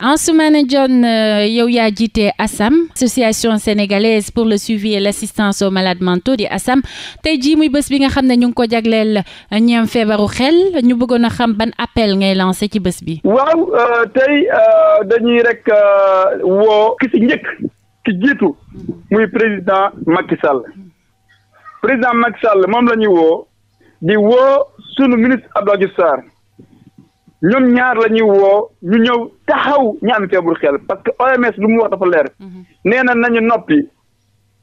Ansoumana Dione euh, yow yaa jiite ASAM association sénégalaise pour le suivi et l' assistance aux malades mentaux di ASAM tey jii muy bés bi nga xam ne ñu ngi ko jagleel ñeem feebaru xel ñu bëggoon a xam ban appel ngay lancé ci bés bi. waaw euh, tey euh, dañuy rek woo ki si njëkk ki jiitu muy président Macky Sall président Macky Sall moom la ñuy woo di woo sunu ministre Abdou Diouf ñoom ñaar la ñuy woo ñu ñëw taxaw ñu am xel parce que OMS lu mu wax dafa leer mhm. nee na nañu noppi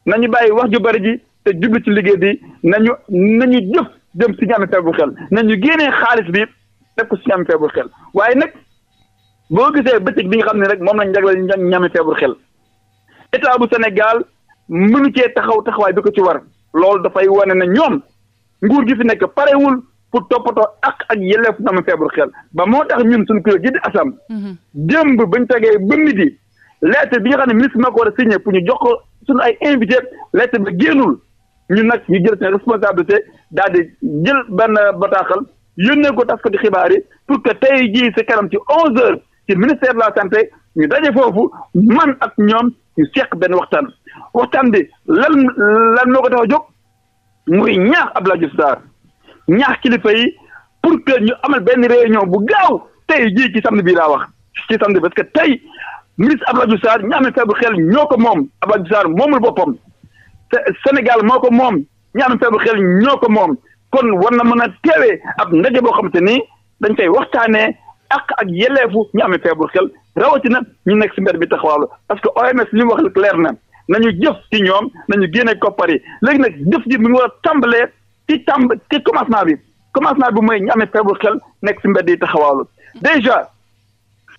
nañu bàyyi wax ju bari ji te jublu ci liggéey bi nañu nañu jëf jëm si ñu am feebaru xel nañu génne xaalis bi def ko si ñu am xel waaye nag boo gisee bëccëg bi nga xam ne rek moom lañ jagleel ñu ñame feebaru xel état bu senegal mënu cee taxaw taxawaay bi ko ci war loolu dafay wane ne ñoom nguur gi fi nekk parewul pour toppatoo ak ak yelleef na mu feebaru xel ba moo tax ñun suñu kuréel gi di asam mhm. démb bañ tegee ba midi lettre bi nga xam ne ministre moo ko war a pour ñu jox ko suñu ay invité lettre bi génnul ñun nag ñu jël seen responsabilité daal di jël benn bataaxal yónnee ko taskati xibaar yi pour que tey jii si kanam ci onze heures ci ministère la santé ñu daje foofu man ak ñoom ñu seq benn waxtaan waxtaan bi lan lan moo ko tax a jóg muy ñaax Abdoulaye Diouf Sarr ñaax kilifa yi pour que ñu amal benn réunion bu gaaw tey jii ci samedi bii laa wax ci samedi parce que tey ministre Abdoulaye Diouf Sarr ñi amee feebar xel ñoo ko moom Abdoulaye Diouf moom moomul boppam Sénégal moo ko moom ñi amee feebar xel ñoo ko moom kon war na mën a teewee ab ndaje boo xamante ni dañ koy waxtaanee ak ak yelleefu ñi amee feebar xel rawatina ñu nekk si mbir bi taxawal parce que OMS li mu wax leer na na ñu jëf ci ñoom ñu génne koppar yi léegi nag jëf mi ngi tàmbalee ci tàmb ci commencement bi commencement bi mooy ñu amee feebar xel nekk si mbedd yi taxawaalu déjà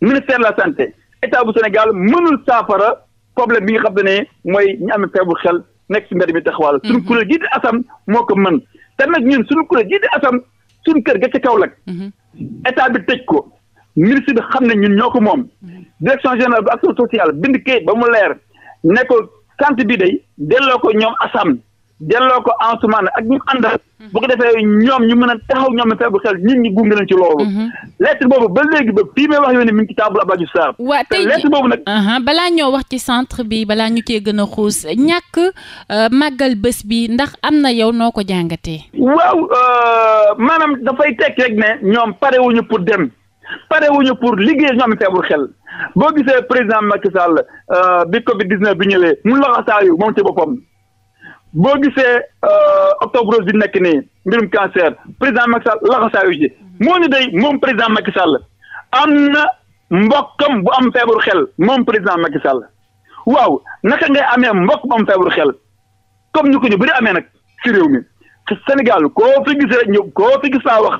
ministère de la santé état bu Sénégal mënul saafara problème bi nga xam ne mooy ñu amee xel nekk si mbedd mi taxawaalu. suñu mhm. kuréel gii di asam moo ko mën te nag ñun suñu kuréel gii di asam suñu kër ga ci kaw Kaolack. Mhm. état bi teg ko ministre bi xam ne ñun ñoo ko moom. Mhm. direction générale bu action sociale bind kayit ba mu leer ne ko sant bi day delloo ko ñoom asam. delloo ko Ansoumana ak ñu ànd mhm. bu ko defee ñoom ñu mën a taxaw ñoom ñu feebu xel nit ñi gunge leen ci loolu. Mhm. lettre boobu ba léegi ba fii may wax yow ne mi ngi ci table Abdou Diouf Sarr. waa tey lettre boobu nag. balaa ñoo wax ci centre bi balaa ñu cee gën a xuus ñàkk euh, màggal bés bi ndax am na yow noo ko jàngatee. waaw euh, maanaam dafay tekk rek ne ñoom pare wuñu pour dem pare wuñu pour liggéey ñoom feebu xel boo gisee président Macky Sall euh, bi Covid 19 bi ñëwee mu loxo saa yu moom boppam. boo gisee euh, octobre rose bi nekk nii mbirum cancer président Macky Sall moo day moom président Macky Sall am na mbokkam bu am feebaru xel moom président Macky Sall waaw naka ngay amee mbokk bu am feebaru xel comme ñu ko ñu bëri amee nag ci réew mi Sénégal koo fi gis ñëw koo fi gis naa wax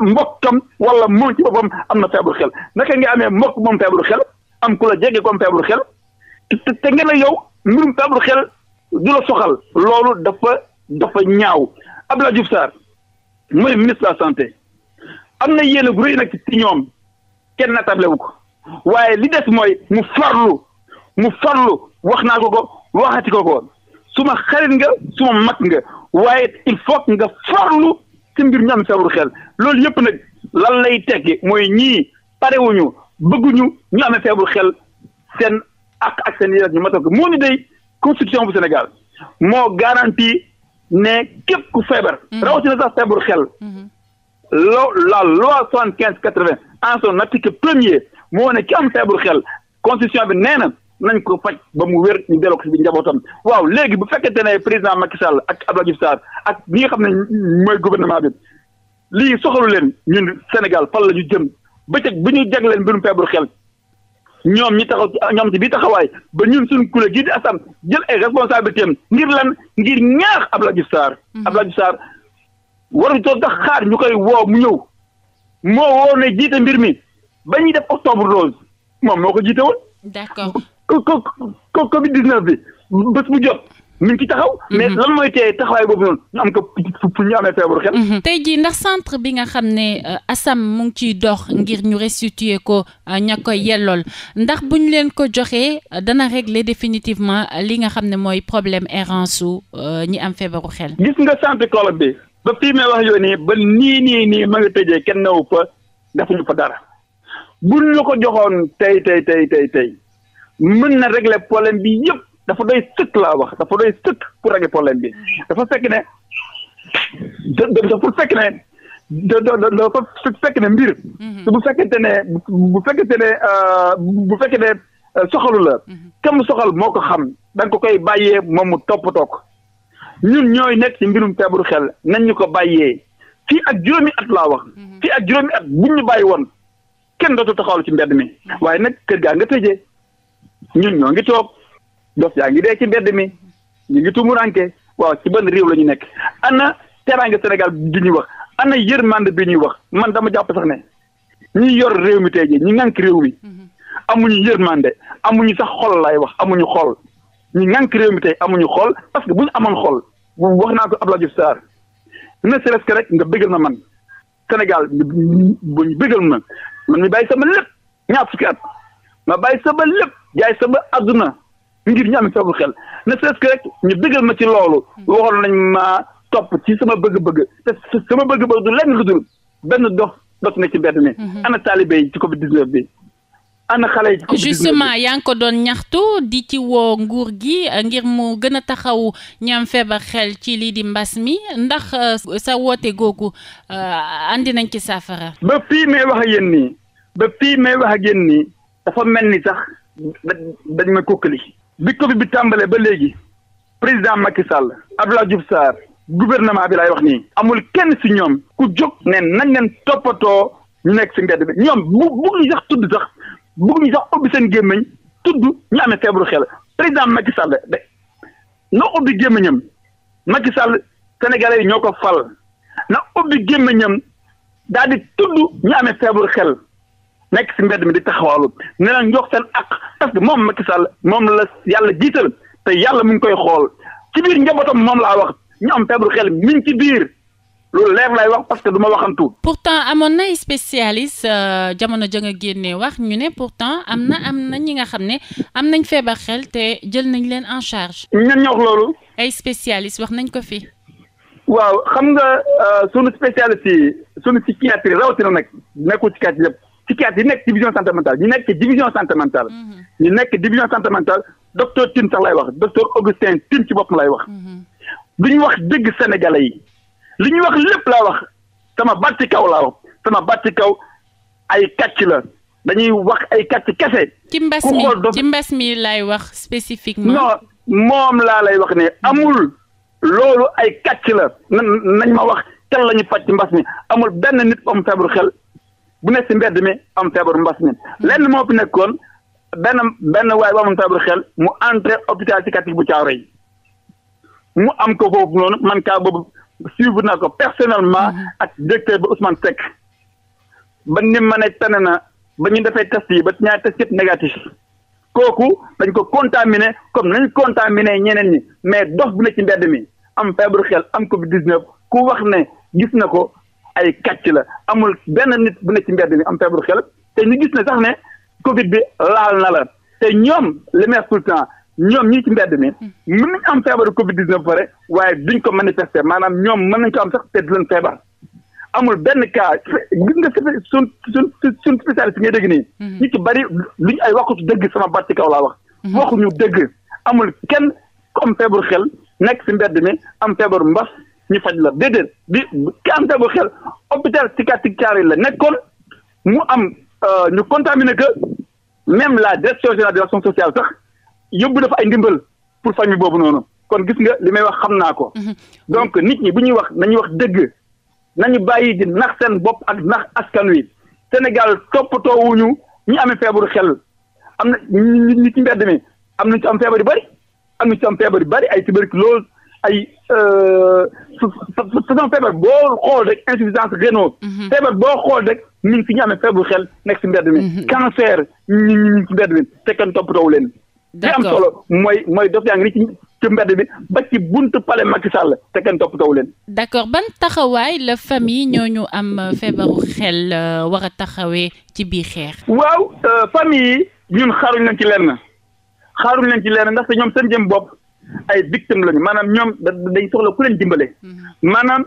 mbokkam wala moom ci boppam am na feebaru xel naka ngay amee mbokk moom feebaru xel am ku la jege ko am feebaru xel te te ngeen yow mbirum feebaru xel du la soxal loolu dafa dafa ñaaw Abdoulaye Diouf Sarr mooy ministre de la santé am na yéen a rëy nag ci ñoom kenn na ko waaye li des mooy mu farlu mu farlu wax naa ko ko waxati ko ko suma xarit nga suma mat nga waaye il faut nga farlu ci mbir ñu am feebaru xel loolu yëpp nag lan lay tekki mooy ñii parewuñu bëgguñu ñu amee feebaru xel seen ak ak seen yéen ñu matal ko moo ñu dey constitution bu Sénégal moo garantie ne képp ku feebar. Mhm. rawatina sax feebaru xel. Mhm. lo la loi soixante quinze quatre vingt en na article premier moo ne ki am feebaru xel constitution bi nee na nañ ko faj ba mu wér ñu delloo ko ci njabootam waaw léegi bu fekkente ne président Macky Sall ak Abdoulaye Diouf Sarr ak ñi nga xam ne mooy gouvernement bi lii soxalu leen ñun Sénégal fan la ñu jëm bëccëg bi ñu jag leen mbirum feebaru xel. ñoom ñi taxaw ñoom ci bi taxawaay ba ñun suñu kuréel gii di asam jël ay responsabilité am ngir lan ngir ñaax Abdoulaye saar Sarr. Mhm. Abdoulaye Diouf Sarr waruñu toog tax xaar ñu koy woo mu ñëw moo woo ne jiite mbir mi ba ñuy def octobre rose moom moo ko jiite woon. d'accord. ko ko Covid 19 bi bés bu jot. mu ngi ci taxaw. Mhm. mais lan mooy tee taxawaay boobu noonu ñu am ko fu ñu amee feebaru xel. Mhm. tey jii ndax centre bi nga xam ne euh, ASAM mu ngi ciy dox ngir ñu restituer ko euh, ña ko yellool ndax bu ñu leen ko joxee euh, dana régler définitivement li nga xam ne mooy problème errance su ñi am feebaru xel. gis nga centre Kaolack bi ba fii may wax yow nii ba nii nii nii ma nga tëjee kenn newu fa defuñu fa dara buñ la ko joxoon tey tey tey tey tey mën na régler problème bi yëpp. dafa doy sëkk laa wax dafa doy sëkk pour régler problème bi dafa fekk ne dafa fekk ne dafa fekk ne mbir mhm. bu fekkente ne bu fekkente ne euh, bu fekkee ne euh, soxalu la mhm. kam soxal moo ko xam da ko koy bàyyee moom mu toppatoo ko ñun ñooy nekk ci mbirum feebaru xel nañ ñu ko bàyyee fii ak juróomi at laa wax mhm. fii ak juróomi at buñ ñu bàyyi woon kenn dootu taxawal ci mbedd mi waaye nag kër gaa nga tëjee ñun ñoo ngi toog dof yaa ngi dee ci mbedd mi ñu ngi tumuranke waaw ci ban réew la ñu nekk ana teraanga Sénégal bi ñuy wax ana yërmande bi ñuy wax man dama jàpp sax ne ñi yor réew mi tey jii ñi ngànk réew mi mhm. amuñu yërmande amuñu sax xol lay wax amuñu xol ñi ngànk réew mi tey amuñu xool parce que bu ñu amoon xol wax naa ko Abdoulaye Diouf Sarr ne serait-ce que rek nga bëggal ma man Sénégal bu ñu bëggal ma man mi bàyyi sama lépp ñaar fukki at ma bàyyi sama lépp jaay sama àdduna ngir ñu am xel ne c'est que rek ñu dëggal ma ci loolu hmm. waxoon nañ ma topp ci sama bëgg-bëgg te sama bëgg-bëgg du lenn lu dul benn dox dox na ci mbedd mi hmm. ana taalibe yi ci covid 19 bi ana xale yi ci covid 19 bi yaa ngi ko doon ñaxtu di ci woo nguur gi eh, ngir mu gën a taxaw ñi am feebar ci lii di mbas mi ndax eh, sa woote googu eh, andi nañ ci saafara ba fii may wax ak yéen nii ba fii may wax ak yéen nii dafa mel ni sax dañ ma kokkali bi Covid bi tàmbalee ba léegi président Macky Sall Abdoulaye Diouf Sarr gouvernement bi laay wax nii amul kenn si ñoom ku jóg ne nañ leen toppatoo ñu nekk si mbedd bi ñoom bu bëgg ñu sax tudd sax bëgg ñu sax ubbi seen gémmiñ tudd ñu amee feebaru xel président Macky Sall de na ubbi gémmiñam Macky Sall sénégalais yi ñoo ko fal na ubbi gémmiñam daal di tudd ñu amee feebaru xel. nekk si mbedd mi di taxawaalu ne leen jox seen ak parce que moom Macky Sall moom la yàlla jiital te yàlla mu ngi koy xool ci biir njabootam moom laa wax ñu am feebaru xel mi ngi ci biir loolu leer lay wax parce que du ma waxantu. pourtant amoon na spécialiste euh, jamono ja génne génnee wax ñu ne pourtant am na am na ñi nga xam ne am nañ feebar xel te jël nañ leen en charge. ñan ñoo wax loolu. ay spécialiste wax nañ ko fii waaw xam nga euh, sunu spécialiste yi sunu psychiatre rawatina nag nekkul ci kàcc psychiatre yi nekk division santé mentale ñu nekk division santé mentale ñu nekk division santé mentale mm-hmm. docteur Tine sax lay wax docteur Augustin Tine ci boppam lay wax mm-hmm. lu ñu wax dëgg sénégalais yi li ñu wax lépp laa wax sama baat kaw laa wax sama baat kaw ay kàcc la dañuy wax ay kàcc kese. ci mbas mi ci mbas mi lay wax spécifiquement. non moom laa lay wax ne amul loolu ay kàcc la nañ ma wax kan la ñu faj ci mbas mi amul benn nit am feebaru xel bu nekk si mbedd mi am feebaru mbas mi hmm. lenn moo fi nekkoon benn benn waaye bu amoon feebaru xel mu entré hôpital psychiatrique bu Thiaroye mu am ko foofu noonu man kaa boobu suivre naa ko personnellement hmm. ak directeur ba Ousmane Seck ba ni ma ne tane na ba ñu defee test yi ba ñaari test yëpp négatif kooku dañ ko contaminé comme nañ contaminé ñeneen ñi mais dox bu ne ci mbedd mi am feebaru xel am covid 19 ku wax ne gis na ko ay kàcc la amul benn nit bu ne ci mbedd mi am feebaru xel te ñu gis ne sax ne Covid bi laal na la te ñoom li may tout le temps ñoom ñii ci mbedd mi hmm. mën nañu am feebaru Covid 19 ba pare waaye duñ ko manifester maanaam ñoom mën nañ ko am sax te du leen feebar amul benn cas gis nga su su suñ spécialiste ngay dégg nii. Hmm. ñu ci bari luñ ay waxu dëgg sama baat ci kaw laa wax. Hmm. waxuñu dëgg amul kenn ku am feebaru xel nekk ci mbedd mi am feebaru mbas. ñu faj la déedéet di ki am tegu xel hôpital psychiatrique Thiaroye la nekkoon mu am euh, ñu contaminé que même la direction générale de l'action sociale sax yóbbu dafa ay ndimbal pour famille boobu noonu kon gis nga li may wax xam naa ko. Mhm. donc nit ñi bu ñuy wax nañu wax dëgg nañu bàyyi di nax seen bopp ak nax askan wi Sénégal toppatoowuñu ñu amee feebaru xel am na ñu ci mbedd mi am na ci am feebar yu bari am na ci am feebar yu bari ay tuberculose ay façon euh, feebar boo xool rek insuffisance rénale. Mhm. feebar boo xool rek ñun fi ñu amee feebaru xel nekk ci mbedd mi. Mhm. cancer ñun ñu ngi mbedd mi te leen. li am solo mooy mooy dof yaa ngi ci ci mbedd bi ba ci buntu palais Macky Sall te kenn toppatoo leen. d'accord ban taxawaay la famille ñooñu am feebaru xel euh, war a taxawee ci biir xeex. waaw euh, famille yi ñun xaaruñ leen ci na xaaruñ leen ci lenn ndaxte ñoom seen jëm bopp. ay victime lañu maanaam ñoom dañ soxla ku leen dimbale mm-hmm. maanaam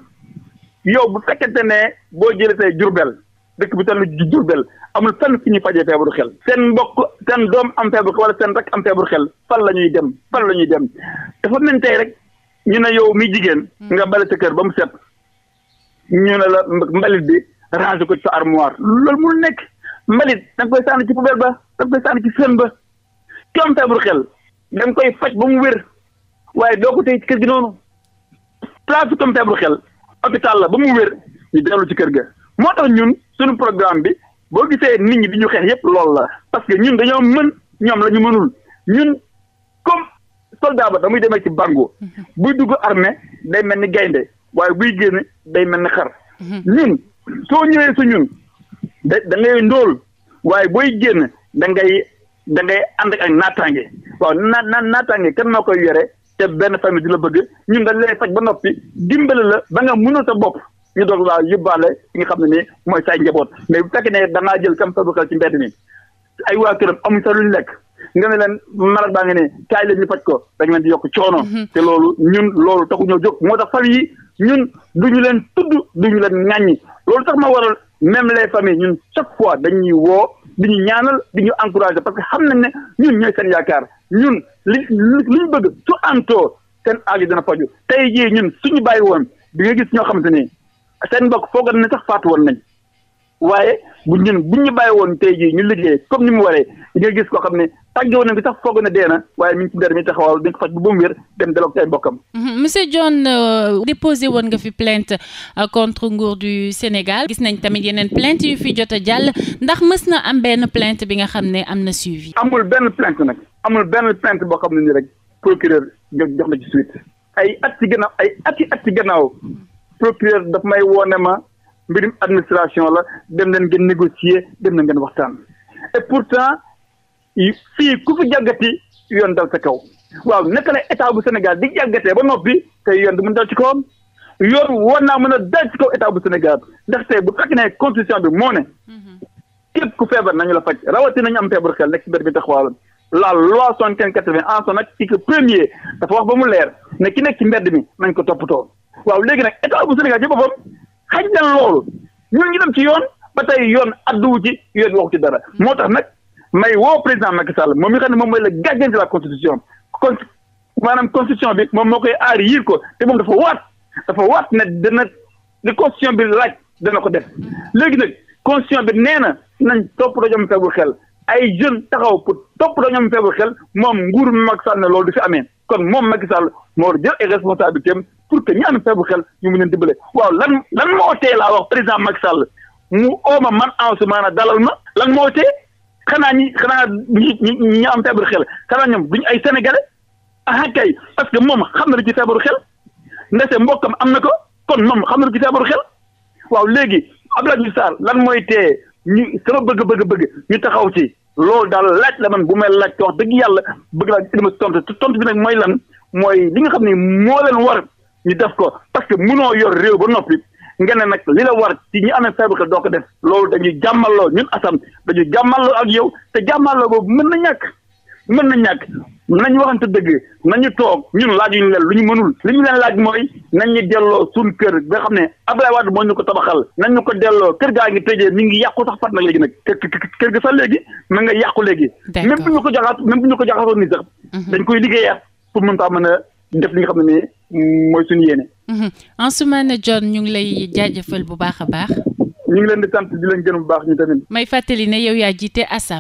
yow bu fekkente ne boo jëlee tey Jurbel dëkk bi toll ju Jurbel amul fenn fi ñuy fajee feebaru xel seen mbokk seen doom am feebaru xel wala rek am xel fan la ñuy dem la ñuy dem dafa mel tey rek ñu ne yow mi jigéen mm-hmm. nga bale kër ba mu set ñu ne la mbalit bi ranger ko ci sa armoire loolu nekk mbalit da nga koy sànni ba da nga koy sànni xel da nga koy faj ba mu wér waaye doo ko tey ci kër gi noonu place comme feebaru xel hôpital la ba mu wér ñu dellu ci kër ga moo tax ñun suñu programme bi boo gisee nit ñi di ñu xeex yépp loolu la parce que ñun dañoo mën ñoom la ñu mënul ñun comme soldat ba damuy demee ci bango mhm. buy dugg armée day mel ni gaynde waaye buy génn day mel ni xar mhm. ñun soo ñëwee su ñun da da ngay ndóol waaye booy génn da ngay da ànd ak naataange waaw na na naataange kan moo koy yore te benn famille di la bëgg ñun dañu lay faj ba noppi dimbali la ba nga mënal sa bopp ñu doog laa yóbbaale ci nga xam ne nii mooy say njaboot mais bu fekkee ne danaa jël kam sabakal ci mbedd mi ay waa këram amuñ sa luñ lekk nga ne leen malade baa ngi ne kaay leen ñu faj ko dañ leen di yokk coono mhm. te loolu ñun loolu taxu ñoo jóg moo tax famille yi ñun ñu leen tudd duñu leen ŋàññi loolu tax ma waral même les familles ñun chaque fois dañuy woo di ñu ñaanal di ñu encouragé parce que xam nañ ne ñun ñooy seen yaakaar ñun li li ñu bëgg su antoo seen aajo dana faju tey jii ñun suñu bàyyi woon bi nga gis ñoo xamante ni seen mbokk foogal ne sax faatu woon nañ waaye bu ñun bu ñu bàyyi woon tey jii ñu liggéey comme ni mu waree nga gis koo xam ne tàggewoon bi sax foog na dee na waaye mi ngi ci mbir mi taxawal di nga ko faj bu mu wér dem daloo ci ay mbokkam. Mhm. monsieur Dione euh, déposé woon nga fi plainte euh, contre nguur du Sénégal gis nañ tamit yeneen plainte yu fi jot a jàll ndax mës na am benn plainte bi nga xam ne am na suivi. amul benn plainte nag amul benn plainte boo xam ne nii rek procureur jox na ci suite ay at ci gannaaw ay at yi at ci gannaaw procureur daf may woone ma mbirum administration la dem leen ngeen négocier dem na ngeen waxtaan fii ku fi jàggati yoon dal sa kaw waaw naka la état bu Sénégal di jàggatee ba noppi te yoon du mën dal ci kawam yoon war naa mën a kaw bu Sénégal ndaxte bu fekk ne constitution bi ku feebar nañu la faj rawati nañu am feebar xel nekk la loi soixante quinze quatre-vingt en ba mu leer ki nekk ci mi nañ ko toppatoo waaw léegi nag état bu Sénégal ci boppam xaj na loolu ñun ci yoon ba tey yoon adduwu ci yoon waxu ci dara moo tax nag may woo président Macky Sall moom mi xam ne moom mooy le gardien de la constitution kon maanaam constitution bi moom moo koy aar yiir ko te moom dafa waat dafa waat ne dana li constitution bi laaj dana ko def léegi nag constitution bi nee na nañ topp dañoo am feebu xel ay jeunes taxaw pour topp dañoo am feebu xel moom nguur Macky Sall ne loolu du fi amee kon moom Macky Sall moo jël ay responsabilité am pour que ñu am feebu xel ñu mun leen dimbale waaw lan lan mo tee laa président Macky Sall mu ooma man en ce dalal ma lan moo xanaa ñi xanaa ñi ñi am feebaru xel xanaa ñoom ñu ay sénégalais ah kay parce que moom xam na lu ci feebaru xel ndese mbokkam am na ko kon moom xam na lu ci feebaru xel waaw léegi Abdoulaye Diouf Sarr lan mooy tee ñu sama bëgg bëgg bëgg ñu taxaw ci loolu daal laaj la man bu may laaj te wax dëgg yàlla bëgg laa indi ma tontu tontu bi nag mooy lan mooy li nga xam ne moo leen war ñu def ko parce que mënoo yor réew ba noppi. nga ne nag li la war ci ñi amee feebar doo ko def loolu dañuy jàmmaloo ñun asam dañuy jàmmaloo ak yow te jàmmaloo boobu mën na ñàkk mën na ñàkk nañ waxante dëgg nañu toog ñun laajuñu leen lu ñu mënul li ñu leen laaj mooy nañu delloo suñ kër nga xam ne Abdoulaye Wade moo ñu ko tabaxal nañu ko delloo kër gaa ngi tëjee mi ngi yàqu sax fat nag léegi nag kër ga sax léegi ma nga yàqu léegi même bu ñu ko jaxaat même bu ñu ko jaxaatoon ni sax mhm. dañ koy liggéeyaat pour mën taa mën a def li nga xam ne nii mooy suñu yéene. Mhm. Ansoumana Dione ñu ngi lay jaajëfal bu baax a baax. ñu ngi leen di sant di leen gën bu baax ñu tamit. may fàttali ne yow yaa jiite ASAM.